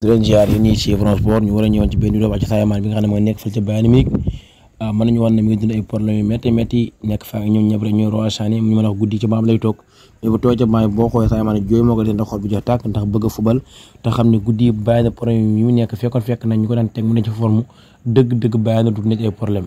di leen ziar yéen ñii ci Evran ñu war ñëwoon ci benn vidéo wàcc saa yamaan bi nga xam ne mooy nekk fële ca Bayern Munich ah, mën nañu wan ne mi dund ay problème yu métti métti nekk fa ñoom ñëpp rek ñooy Roy Sané ñu mën a wax guddi ci maam lay bi jox tàkk ndax bëgg fubal te xam ne guddi bàyyi na problème yi mu nekk fekkoon fekk nañ ñu ko daan teg mu ne ci forme dëgg-dëgg bàyyi na du nekk ay problème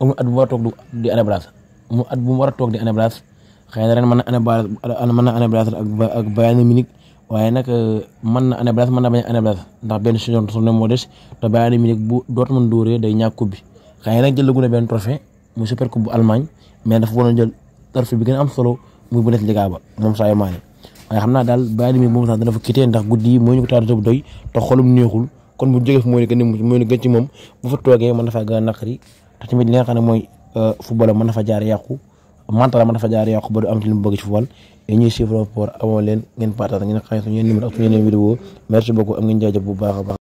um at war a di année blanche um at bu war a di année blanche xëy na ren mën na année mana mën na année blanche ak ak Bayern Munich waaye nag euh, mën na année blanche mën na bañ a année ndax bu Dortmund dóoree day ñàkk Kubi bi xëy na nag trophée muy super coupe bu Allemagne mais dafa waroon jël trophée bi gën am solo muy Bundesliga ba moom Sadio Mané waaye xam dal daal Bayern Munich moom sax dana fa quitté ndax guddi yi moo ñu ko taatu doy te xolum neexul kon bu jógee fi moo ne gën mooy ne gën ci bu fa te tamit li nga xam mooy euh, football mën na fa jaar yàqu mental mën a fa jaar yàqu ba du am ci li mu bëgg ci football et ñuy suivre sport amoon leen ngeen partage ngeen xayma suñu numéro ak suñu yeneen vidéo merci beaucoup am ngeen jaajëf bu baax a baax.